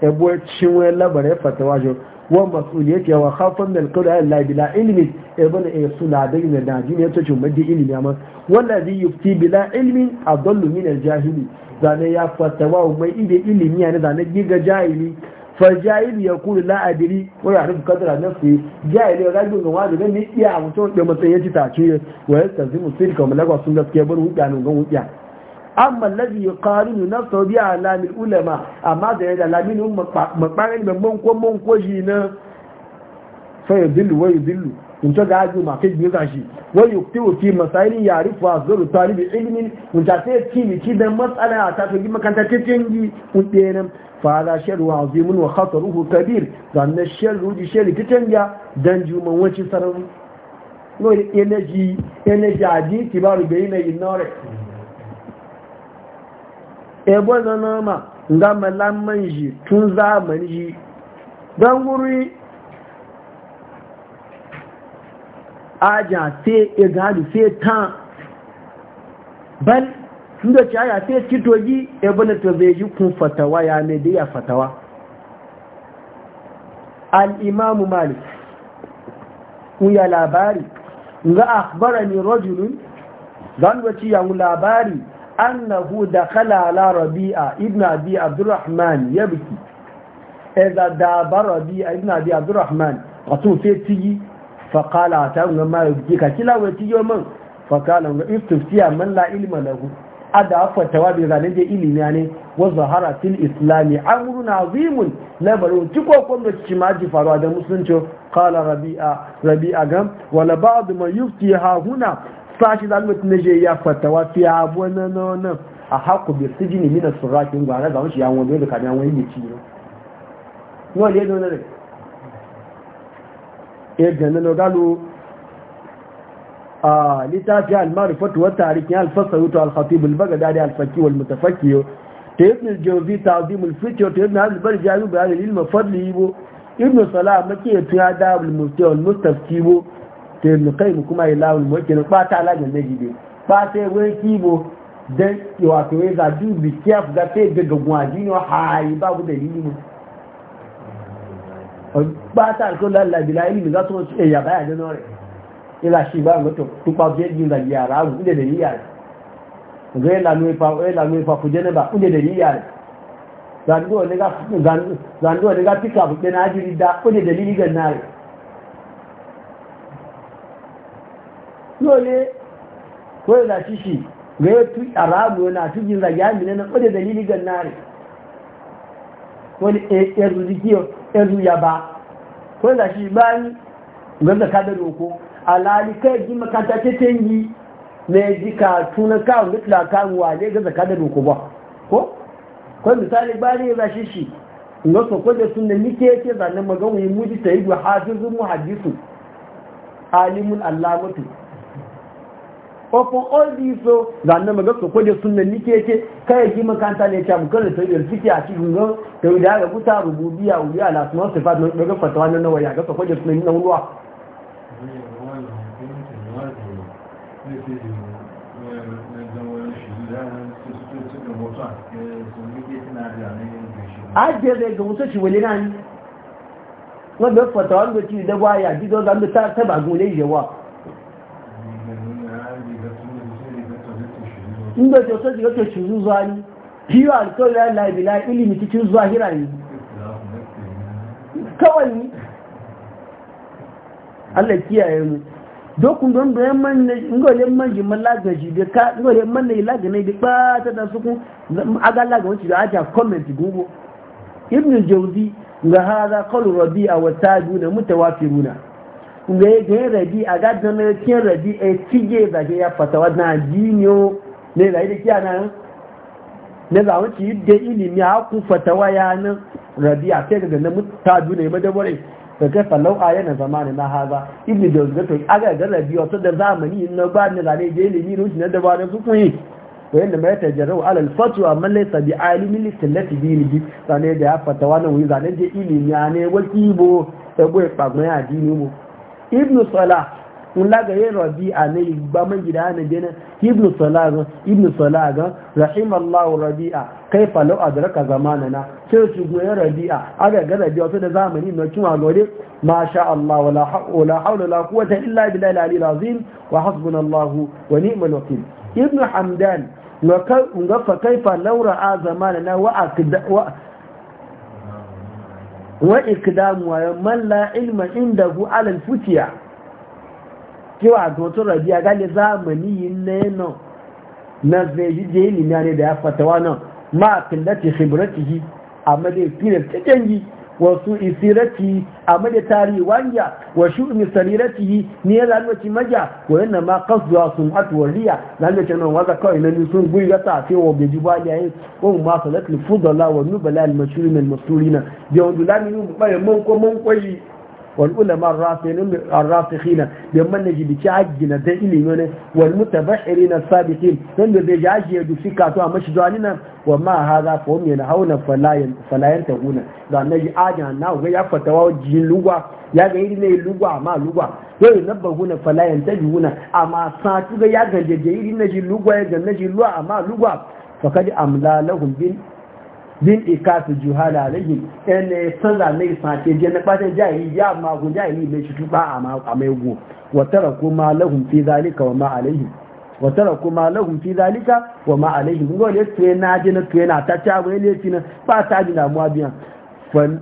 e bo e cin wai labare e fatawa jo wa masuliyati e wa khafan min alqura la bila ilmi e e sula da ne da ji ne to cin madi ilmi amma wallazi yufti bila ilmi adallu min jahili zane ya fatawa mai ide ilmi ne zane giga jahili fajayilu ya kuri la'adiri wani harfi kadara na su yi jayili ya rajin ga wani zan ni a mutum da mutum ya ci tace wa ya tsanzi musulun kamar lagos sun gaske bar hukya nun gan hukya amma lazi ya karinu na sau biya alamin ulama amma da ya da alamin makparin shi na nto ga ju ma ke gbe kashi wa yuktibu fi masaili ya'rifu azru talib ilmin nta te ti mi ti da mas'ala ta to gi makanta te tengi udenan fa hada sharru azimun wa khataruhu kabir dan na sharru ji sharri te tenga dan ju man wace sarau no energy energy adi ti ba rubei e na inore ebo na nama nga malamman ji tun zamani ji dan guri aja fe egali fe ta bal tunda ci aya fe kitogi ibn e to zai ji kun fatawa ya ne da ya fatawa al imam malik kun ya labari ga akhbarani rajul dan wace ya labari annahu dakhala ala rabi'a ibn abi abdurrahman yabki دا da rabi'a ibn abi abdurrahman qatu fe tigi faƙala ta hunga ma yau ka kila wani tiyo man faƙala hunga istiftiya man la ilima lahu ada afatawa bi zanen da ilimi ne wa zahara fil islami amrun azimun labaru ciko kwando ci ma ji faruwa da musulunci qala rabi'a rabi'a gam wala ba'd ma yufti ha huna sashi da mutum ne ya fatawa fi abu na na a haku bi sijini min surakin gwara ga wuce yawon da kadan wani ne ci no ne ne ne ya gani na galo a littafi al-marifatu wa tarikin al-fasar wuto al-khatib al-bagadari al-faki wal mutafaki ta ibn jauzi ta azimul ta yi al-bar jami bayan ilma fadli yibo ibn salah maki ya tuya da al-musti al bo ta ibn qayyim kuma ilawul mukin ba ta alajin da jibe ba ta wai kibo dan wato ya zabi bi kiyaf da ta ga gwaji ne hayi babu dalili mu pátá àkó lálàbìlá ìlú látọ́ ẹ̀yà báyà nínú rẹ̀ ìlà ṣe ìbára mọ́tọ̀ púpá bí ẹgbì ìlàjì yàrá ààrùn ìdẹ̀dẹ̀ yíyà rẹ̀ ọ̀gọ́ ìlànà ipa kò jẹ́nẹ́bà ìdẹ̀dẹ̀ yíyà rẹ̀ zandó ọ̀dẹ́gá píkà pípẹ́ náà jírí dá ìdẹ̀dẹ̀ lílí gẹ̀ náà rẹ̀ lóòlé kó ìlà ṣíṣì gẹ́ tú àrààrùn ọ̀nà àtújì ìlàjì àmì ɗazu ya ba ko da shi bayan ganda ka da roko alalika ji makanta ta tangi ne ji ka tuna ka mutla ka wale ga zaka da roko ba ko ko misali bayan ya shi shi ga so ko da sunna nike yake zanne magawi muji ta yi hafizun muhaddisu alimun allamatu ofin oldi so zanen maga su kwaje sunna nike yake kai yaki makanta ne ta bukar da tafiyar fiki a cikin gan da ga kuta rububiya wuya ala suna su fat na fatawa na nawa ya ga su kwaje sunna na ruwa ajiyar da ga mutu shi wani nani wanda fatawa da ci da baya gizo da ta taba gune yawa in da kyautar shiga ke shi zuwa ni biyu alkawari ya labi la ilimi cikin zahira ne kawai ni Allah kiyaye mu dokun don da ya ne ngole man ji malla ka ngole ya ne la da ba ta da aga la ga da ajiyar comment gugu ibn jawzi ga hada qawl a wa tajuna mutawafiruna ngai ga rabi'a ga dan ne ya ne da da kiya nan ne za ci da ilimi a ku fatawa ya nan rabi'a sai daga ta mutadu ne madabare da kai falau a yana zamanin na haza ibn da zuga kai aga ga rabi'a to da zamani na ba ne zane da ilimi ne shi na da ba da su kun yi yanda mai tajarau alal fatwa man laysa bi alimi lillati bi zane da ya fatawa nan zane da ilimi ne wakibo ta goyi pagun ya dini mu ibnu salah in laga yin rabi a na ba magida na gina ibn salaga ibn salaga rahimallahu rabi'a kai falo a zama raka na ce su goyi rabi'a aga gada biya wasu da zamani mai cewa gore ma sha Allah wala haula la quwwata illa billahi al-ali azim wa Allahu wa ni'mal wakil ibn hamdan ga fa kaifa laura a zamanana wa akda wa ikdamu wa man la ilma indahu ala al-futiya Yau a tó tó rẹ̀ bí agálẹ̀ zamani yìí lẹ́nà na zai jẹ́ ilimi ne da ya fatawa nan ma kallati khibratihi amma da experience ta canji wasu isirati amma da tarihi wanja wa shu'mi sariratihi ne ya lalace maja wa yana ma qasduha sun'at waliya lalace nan waza kawai na sun guri ga ta ce wa gaji ba ya yi ko ma salatul fudala wa nubala al-mashhurin al-masturina bi wanda lamin mu bare mun ko wal ulama ar-rafi'in ar-rafikhina yamman naji bi ci ajina da ilimi ne wal mutabahhirin as-sabiqin wanda zai a ajiya du fika to amma shi zalina wa ma hadha fa hum yanhauna falayan falayan da na ga ya fatawa jin lugwa ya ga yau na bahuna falayan tajuna amma sa tuga ya ga je iri naji lugwa ya ga naji lugwa amma lugwa amla lahum bin bin ikasu juhala alayhim ene sanza ne ke je na ja yi ya ma gun ja yi me shi ba a mai go wa taraku ma lahum fi zalika wa ma alayhim wa taraku ma lahum fi zalika wa ma alayhim go le tsaye na je na tsaye na ta ta wai le ti na ba ta ji na mu biyan fan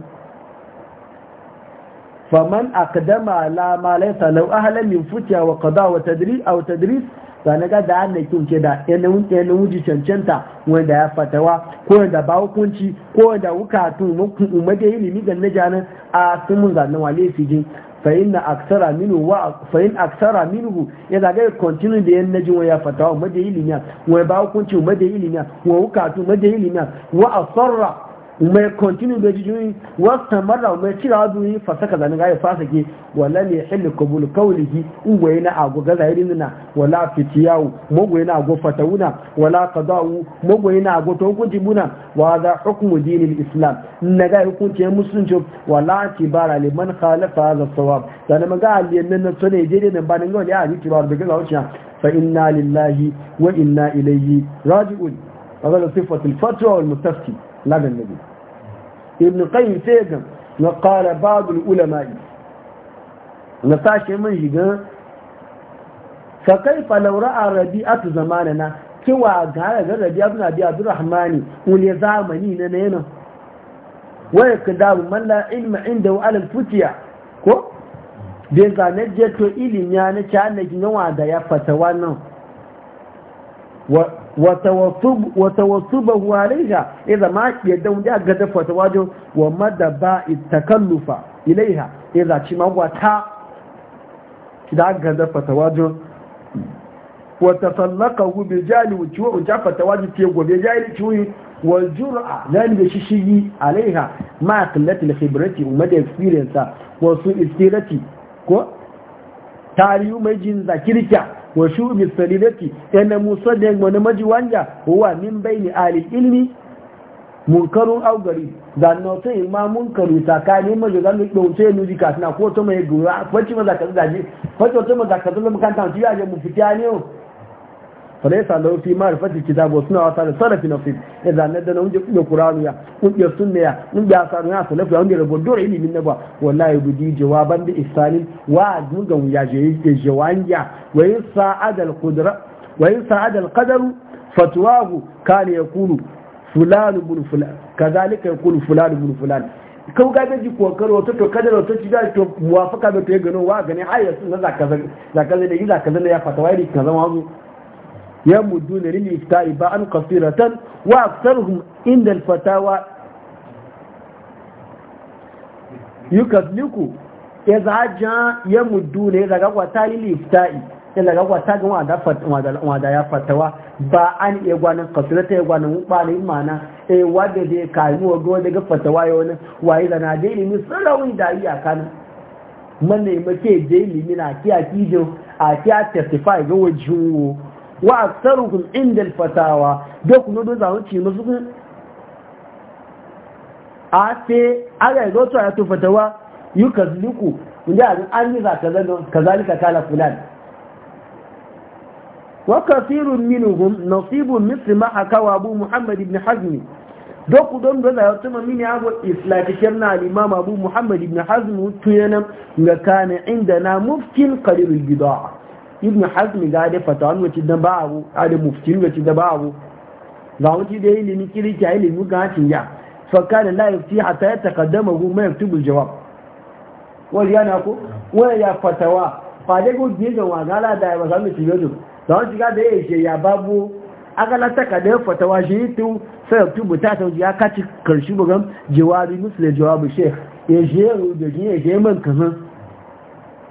faman aqdama la ma laysa law ahlan min futya wa qada wa tadri aw tadris Sani ga da ana kin ke da yanayin wuji cancanta wanda ya fatawa ko da ba hukunci ko da wukatun umade ilimi ga na janin a sumun zanen wale su ji fa'in na aksara minu wa fa'in aksara minu ya zaga continue da yan najin waya fatawa umade ilimi wa ba hukunci umade ilimi wa wukatu umade ilimi wa asarra mai kontinu da jijiyoyi wasu mara mai cira waduyi fasaka zanen gaya fasa ke wala ne hilli kabulu kawuliki ungwaye na ago gaza irin nuna wala fitiyawu magwaye na ago fatawuna wala kazawu magwaye na ago ta hukunci buna wa za hukumu dinin islam na gaya hukunci ya musulunci wala ci bara liman khalafa za sawab zanen maga aliyan nan na tsone daidai nan ba nan gawa ne a yi kirawar da gaza wuciya fa inna lillahi wa inna ilayhi raji'un هذا صفة الفتوى والمستفتي ladan nabi ibn qayyim sai ga na qala ba'd al ulama na tashi mun shiga fa kaifa law ra'a rabi'atu zamanana cewa ga ga rabi'atu nabi abdurrahmani ule zamani na ne nan waya kadabu man la ilma indahu ala al futiya ko bai zane jeto ilimi ya na ci annabi yawa da ya fata wannan watawasubahu alaiha idan ma yadda wani a gada fatawajo wa madaba takallufa ilaiha idan ci magwata da gada fatawajo wata sallaka gube jali wuce wa unca fatawajo ke gobe jali ciwi wal jura zani da shishigi alaiha ma qillatil khibrati umma da experience wasu istirati ko tariyu mai jin zakirka wa shubi salidati yana musa da wani maji wanja huwa min bai bayni ali ilmi munkarun augari da nota ma munkaru tsakanin maji zan da wuce nu dika suna ko to mai gura faci maza kaza da ji faci to maza ka da makanta ji ya je mu fita ne falaisa lahu fi ma'rifati kitab kitabu suna wasa da salafi nasib idan nadda na unje kunje qur'anu ya kunje sunna ya kunje asaru ya salafi unje rabo dole ilimin na ba wallahi budi jawaban bi ihsanin wa dugan ya je je jawanja wa in sa'ada al qudra wa in sa'ada al qadaru fatwahu kana yakulu fulan ibn fulan kadhalika yakulu fulan ibn fulan kau ga gaji kokar wato to kada wato ci da to muwafaka da to ya gano wa gani ayyasu na zaka zaka da yi zaka da ya fatawa iri kaza ma zo يمدون للإفتاء باء قصيرة وأكثرهم عند الفتاوى يكذلك إذا جاء يمدون إذا قوتا للإفتاء إذا قوتا وعدا يا فتاوى باء إغوانا قصيرة إغوانا مقبال إمانا إغوانا دي كالمو وغوانا فتاوى يونا وإذا نادي لمن صلوي ga كان من ne mace je limina kiya kijo a kiya testify ga wajen wo wa aktaruhum inda alfatawa duk no doza wuce no zuku a te aga yi zoto ya to fatawa yu kazliku inda an an yi zaka zan kazalika kala fulan wa kathirun minhum nasibun mithl ma haka wa abu muhammad ibn hazm duk don doza ya to mamin ya go islati kenna al abu muhammad ibn Hazmi to yana ga kana inda na mufkin qadirul bid'ah ibn hazm ga da fatawa wace da ba A da muftin wace da ba abu ga wuce da ilimi kirki ilimi ga hancin ya fakka da la yafti hatta ya taqaddama hu ma yaktubu jawab wal yana ko wala ya fatawa fa dai go je ga wagala da ba zan ci yadu. da wuce ga da yake ya babu agala taqaddama fatawa shi yi tu sai yaktubu ta sauji ya kaci karshi bugan jawabi musle jawabi sheikh ya je ya je man kazan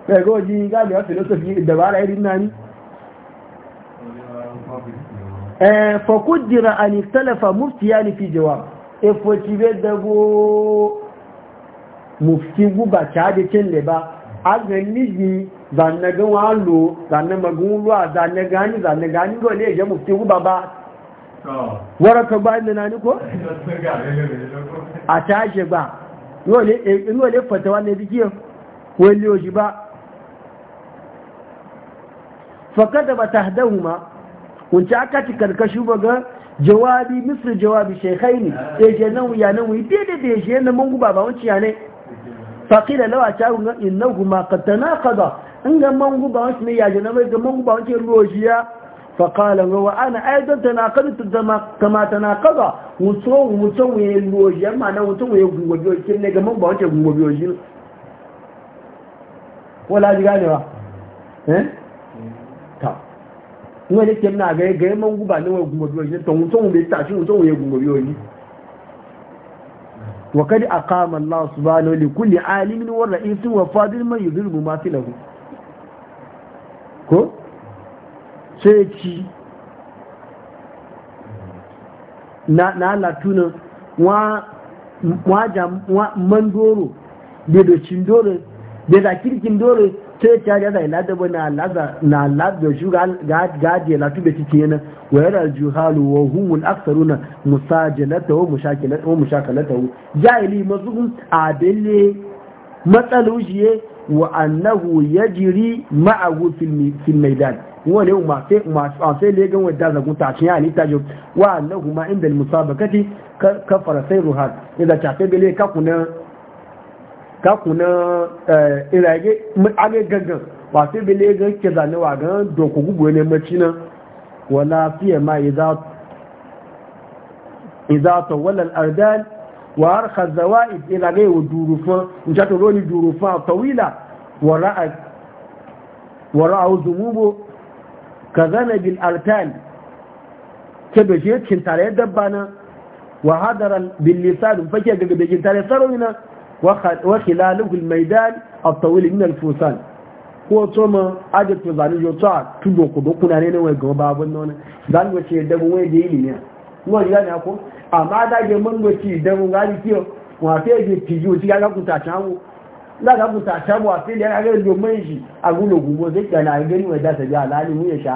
ẹ̀gọ́ jí gáàlẹ̀ philosophy ìdàbára irin náà ní fọkúdìra àníṣtẹ́lẹ̀fà ya ni fi jẹwa efò ti rẹ̀ mufti gúbà ṣáàdé kí lè bá agbẹ̀ níyí zanagán ilẹ̀ náà ní kó àtàṣẹ́gbà yóò lè fọ̀tẹ̀wà lè bí kí wọ́n lè òjì bá fakada ba tahdahuma wunci aka ci karkashi baga jawabi misir jawabi shaykhaini e je nan ya nan wi dede de je nan mun guba ba wunci ya ne faqila law ata'u innahuma qad tanaqada in ga wunci ne ya je nan ga wunci فقال هو انا ايضا تناقضت كما تناقض متو متو يلوجي ما انا gungo يغوجي كين ne gaman ba wace gogoji wala ji ganewa eh wọ́n lè kẹ́m náà gẹ́gẹ́ gẹ́gẹ́ mọ́ ń gúbà níwọ̀n egungun bí oyin tọ̀hún tóhun lè tàṣí òun tóhun egungun bí oyin wakadi akama Allah subhanahu li kulli alimin wa ra'isin wa fadil man ma fi ko na na latuna mandoro da da sai ta ga zai lada ba na lada na lada shi ga gaje la tube ci kenan wa yara juhalu wa humul na musajalata wa mushakilata wa mushakalata masu abele adille matsalujiye wa annahu ya jiri ma'ahu fil maidan wani masu sai legan wadda zagu ta cin ya nita jo wa annahu ma inda al musabaqati kafara sayruha idan cafe sai bele ka kakuna eh, irage ale gangan wasu bile gan ke zane wa gan doku gugu ne maci nan wala fiye ma izata walal ardal wa harkar zawa'id irage wa durufan in ta toro ni durufan tawila wa ra'au zumubo ka zana bil artal ke da shi cintare dabba na wa hadaran bil dun fake ga da cintare sarauni nan وخلاله الميدان الطويل من الفوسان ko to ma aje to zani yo a tudo ko dokuna ne ne wai go babu non zan wace da mu wai da ilimi ne mu riga ne ko amma da ge mun wace da mu gari kiyo wa fe ge tiju ti ga ku ta chamu la ga ku ta chamu a fe ne ga ga do mun shi agulo gubo zai kana gani wai da ta ga alani mu ya sha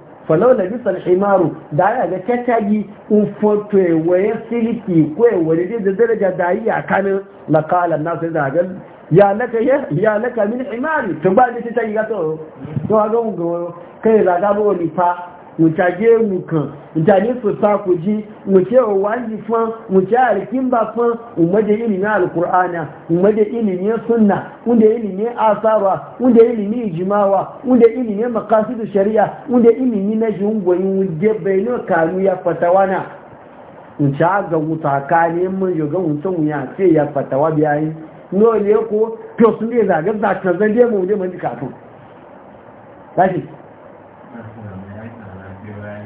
falau na bisa himaru da ya ga tattagi in foto waye siliki ko wani da da daraja da yi a kanin lakala na sai da ga ya laka ya ya laka min himari to ba ni tattagi ga to to ga mu kai da ga bo ni fa mutage mukan kan su sa ku ji muke waji fan muke alkimba fan umade ilimin alkur'ana umade ilimin sunna wanda ilimin asara wanda ilimin ijimawa wanda ilimin makasidu shari'a wanda ilimin na jungoyin wuje bayanin kanu ya fatawana muke ga mutaka ne mun yoga mutum ya ce ya fatawa biyayi no ne ko to sun ne zagar zakan zan je mu je mun ji kafin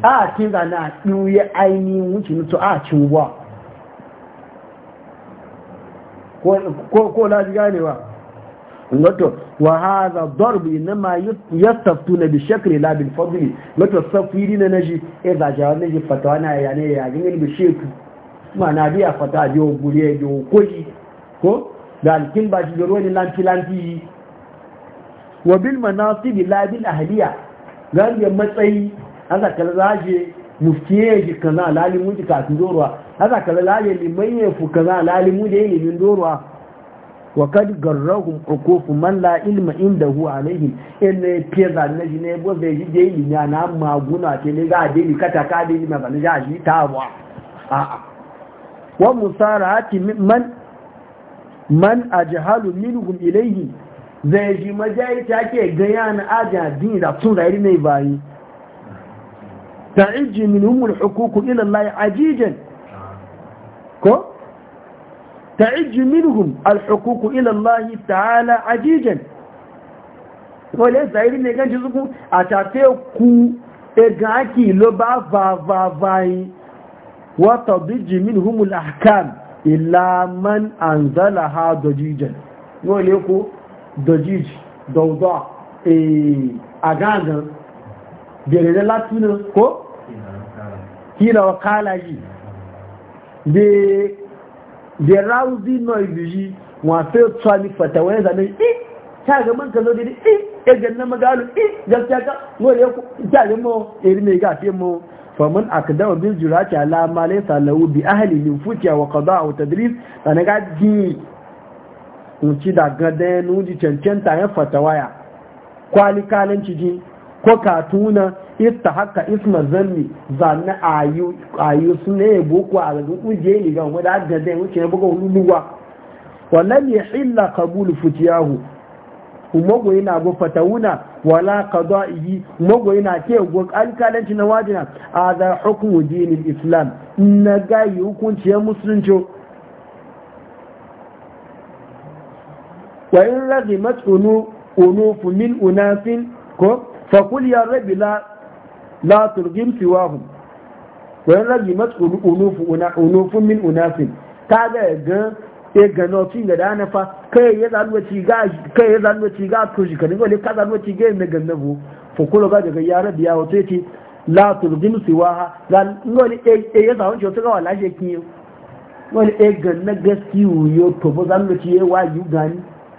a cikin zane a ɗuye ainihin wuce mutu a cin wa ko laji ganewa wato wa haza darbi na ma yastaftu na bi shakri la bil fadli wato safiri na naji e za jawa naji fatawa na ya ya gani bi sheku ma na biya fata a o gure bi koji ko da alkin ba shi da ruwan lanti lanti wa bil manasibi la bil ahliya ga matsayi haka kala zaje muftiye ji kaza lalimu ji kafin dorwa haka kala zaje liman ya fu kaza lalimu da ilimin dorwa wa kad garrahum uqufu man la ilma indahu alaihim in peza na ji ne bo be ji dai nya na maguna ke ne ga dai kata ka dai ma ban ja ji ta wa a wa musarati man man ajhalu minhum ilayhi zai ji majai ta ke ga yana aja din da tun da irin ne bayi ta'iji minhumul hukuku ila Allah ajijan ko ta'iji minhum al hukuku ila Allah ta'ala ajijan ko le ne ganji zuku a tafe ku e gaki lo ba va va vai wa tadiji illa man anzalaha dajijan ko le ko dajiji dawda eh agagan bẹ̀rẹ̀ látúnà kila wakala yi de de rauzi noise yi wa sai tsani fatawai zane eh ta ga man zo dai yi e na magalu eh gaskiya ka wani ku ta ga mo iri e ne ga fe mo faman akdaw bil jurati ala ma laysa bi ahali min futiya wa qada wa tadris ana ga ji unci da gadan nuji cancanta ya fatawaya kwalikalanci ji ko katuna ita haka isma zanni zanne ayu ayu sune boko a gaban kuje ni ga wanda da da wuce ne boko luluwa wallan yahilla qabul futiyahu umago na go fatawuna wala qada'i magoyi na ke go alkalanci na wajina da hukumu dinin islam na ga hukunci ya musulunci wa in lazimat unu unufu min unasin ko kul ya rabbi la la turgim siwahum wa yan rage unufu min unafin ka ga ga e ga no tin fa kai ya zaluwa ga kai ya zaluwa ci ka zaluwa ci ga me gannabu fo kulo ga daga yara biya wato yace la turgim siwaha ga ngoli e ya zawon ci to ga wala she kiyo wani e ganna gaskiyu yo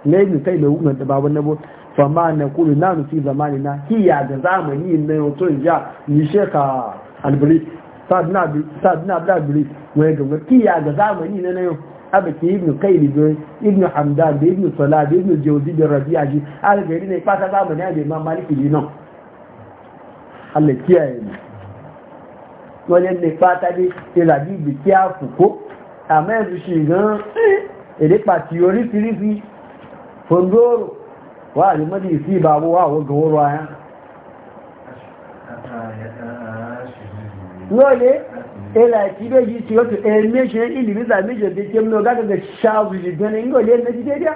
ne mi kai da wugan da babu fama na kulu na nufi zamani na hiya da zamani na yau to ya ni sheka albiri sadina abdabiri wai gaba hiya da zamani na yau abaki ibn kaili da ibn hamdan da ibn sala da ibn jawzi da rabi'a ji algari ne fata zamani a jima maliki ne nan allah kiyaye ne wani ne fata ne ilabi bikiya fuko a yanzu shi gan èdè pàtí firifi, fondoro wa alimadi si babu wa wa gawo raya lole ela ti be yi ti o to e ili mi za meje de kem no gaga ga shawu ji gane ngo le na jide dia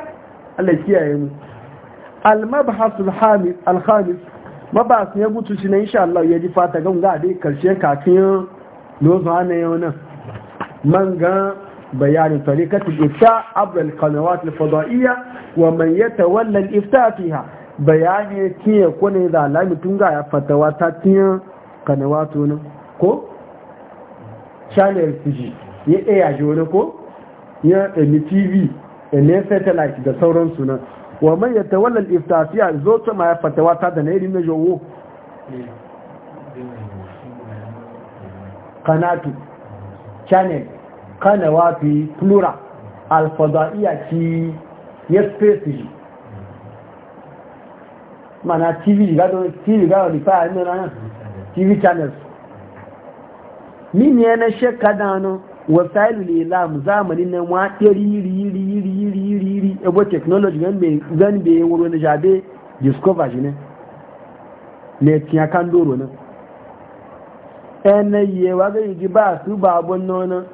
Allah kiyaye mu al mabhas al hamid al khamis mabas gutu shi ne insha Allah fata ga ga karshe kakin lozo ne yau nan بيان طريقة الإفتاء عبر القنوات الفضائية ومن يتولى الإفتاء فيها بيان كي يكون إذا لم تنقع فتواتات قنواتنا كو channel fiji ya ɗaya ji wani ko ya tv ne satellite da sauran suna wa man ya tawalla iftafiya zo ta ma ya fatawa ta da nairi na jowo kanatu channel kana wafi plural alfada'iya ki ya space ji mana tv gado tv gado rifa ne na tv channels mini yana wa dano wasailu la zamanin nan wa iri iri iri iri iri iri iri ebo technology gan be gan be woro na jabe discover shi ne ne tiya kan doro na ene yewa ga yi ba su ba babon nonon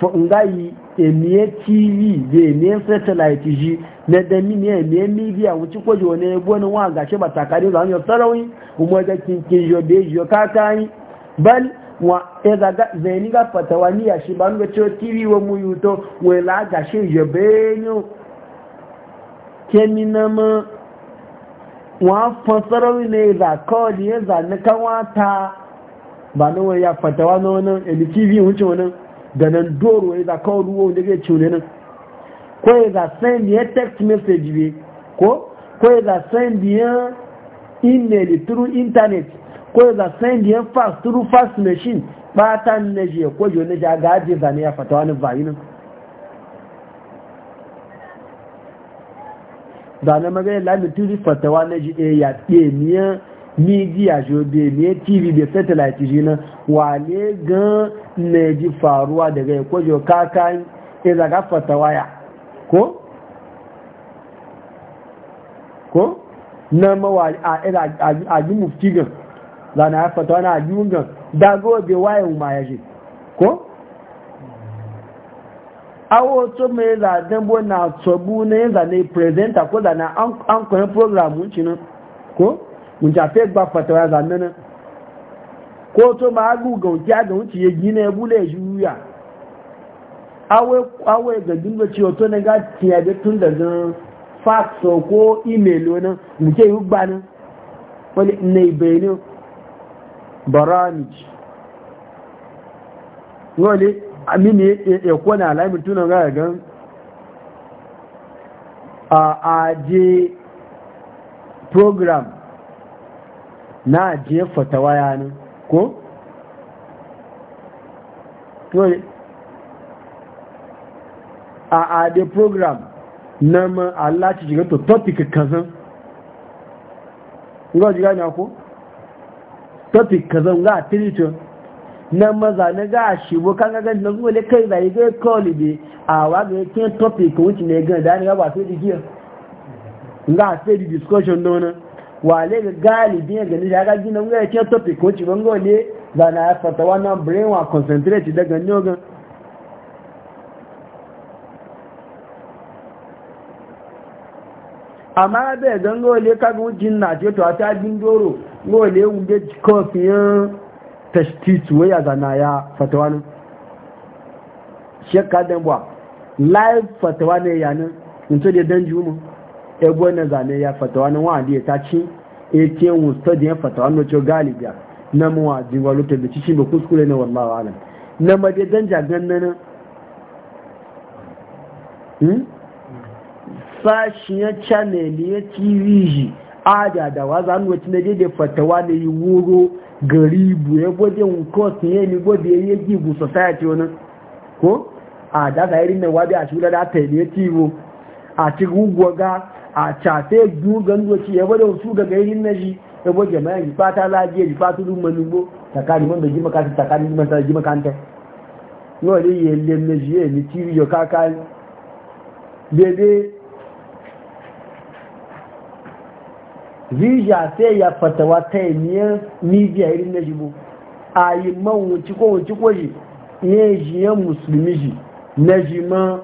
Fo nga yi emiye tv je emiye satellite ji na da mini emiye media wuci kwaje wani ebo ni wa gashe ba takari da hanyar sarauni kuma da kinkin jo da jo kakani bal wa eza ga ni ga fatawa ni ya shi ba nga cewa tv wa mu yuto we la be jo benyo kemi na ma wa fa sarauni ne za kodi e ya za na kan wata ba na ya fatawa na wani tv wuce wani da nan doro ya za kawo ruwa wanda zai ciwo nan ko ya za send ya text message bi ko ko ya za send ya email through internet ko ya za send ya fast through fast machine batan ta je ya yo na ja gaje zane ya fata wani bayi nan zane magana lalitiri fatawa na ji eh, ya ɗe eh, miyan media jobe ne tv da satellite jina wale gan ne ji faruwa daga kojo kakan iza gafata waya ko ko na mawali a yi mufti gan za na gafata wani a yi gan dago bai waya ma ya ji ko awo to mai zaden bo na tobu na yin zane presenter ko na an kwanin program wucinan ko wunca fe gba fatawa zannan ko to ma agu ga wuce ga wuce ya gina ya bule ya juya awai ga dinga ciwo to na ga tiya da tun da zan fax ko email wani muke yi na. wani na ibenin baranich wani amini ya kone alamun tunan ga gan a aje program na jefa ta waya ne ko? a de program na ma Allah ci shiga to topic kazan ga jiga na ko topic kazan ga tiritin na maza na ga shi bo kan ga na zuwa kai da ga call bi a wa ga kin topic wuce ne ga da ni ba sai dikiya ga sai discussion dona wale ga galibin ga ni daga gina wuya ce topic ko ci bango ne da na fata wannan brain wa concentrate daga nyogan amma bai don gole kaga wujin na ce to a ta dindoro gole wunde kofiyan tashtitu waya zana ya fatawa na shekka dan ba live fatawa ne yanin in da dan jumu ebo na zane ya fatawa na wa'adi ya taci e ke wun study ya fatawa na cewa galibiya na mu wa jingwa lutar da cikin da kuskure na wallahi alam na maje dan jagan nan sashen channel ya tv ji ada da wa zanu wacce na daidai fatawa da yi wuro garibu ya gwaje wukos ne ni gwaje ya yi gibu society wani ko a da ga irin na wabi a shugaba da ta yi ne tivo a cikin gwaga a cafe gugan doci ya bada wasu ga gairin na shi ya bo jama'a ji fata lafiya ji fata dun manugo tsakanin wanda ji makasa tsakanin ji makasa ji makanta no ne ya le na ji ya ni tiri ya kaka bebe vija sai ya fatawa ta yi media irin na jibo a yi man wuci ko wuci ko shi ne jiyan musulmi shi na ma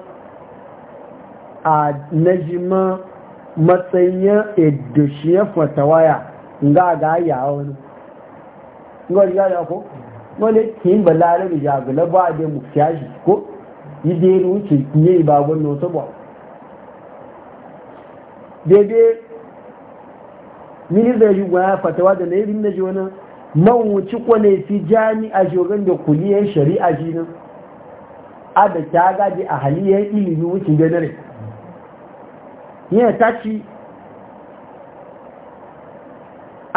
a na ma. matsayin fata fatawaya ga ga ya wani ngori ya ko wani kin ba larabi ya gula ba da mu kyashi ko yi da yin wuce ne ba wani wata ba mini minista yi gwaya wa da na yi rinna ji wani mawuci kwane fi a shogan da kuliyar shari'a shi nan a da ta gaji a haliyar ilimin wucin ganar yin tashi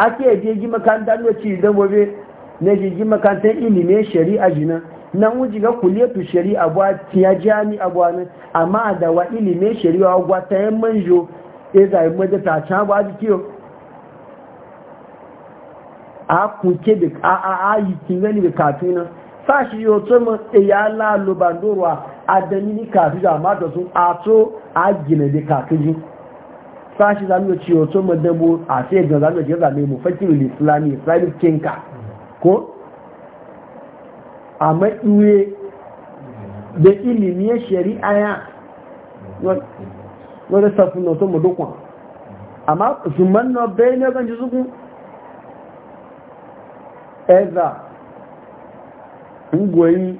ake jirgin makarantar da ci don gobe na jirgin makarantar ilimin shari'a jinan nan wuji ga kuliyatu shari'a buwa tiya jami abuwa nan amma da wa ilimin shari'a buwa ta yin manjo ya e zai mada ta can ba a kunke da a a a yi kin gani da katuna sashi yau tsohon iya e adamini kafin jama da sun ato a gina da kafin ji Fashi zamu ce wato madabo a sai ga zamu je zamu mu fakirul islami islamic kinka ko amma duwe da ilimi shari'a ya wanda safin na wato madokon amma zuman na bayan ya ganci suku eza yi.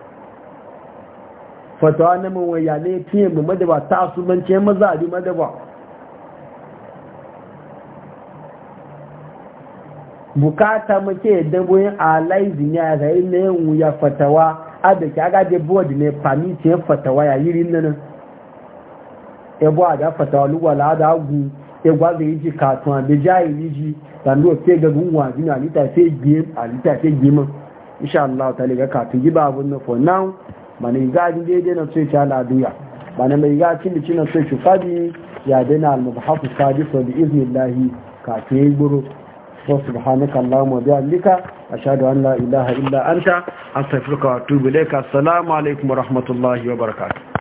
fatawa na mun waya ne tiye mu madaba ta asubance maza abi madaba bukata muke daboyin alaizi ne a zai ne wuya fatawa adake aga de board ne permit fatawa ya yirin nan ebo ada fatawa luwa la agu gu e egwa zai ji katun abi jayi ji dan do ke ga gunwa alita sai game alita ta liga katun giba abun for now mana ga ji daidai na sai ala duya mana mai ga cin da cinan sai fadi ya dana al-mubhafu sadiq bi lahi ka ta yi guru allah mu biya lika a ashhadu an la ilaha illa anta astaghfiruka wa tubi laika assalamu alaikum wa rahmatullahi wa barakatu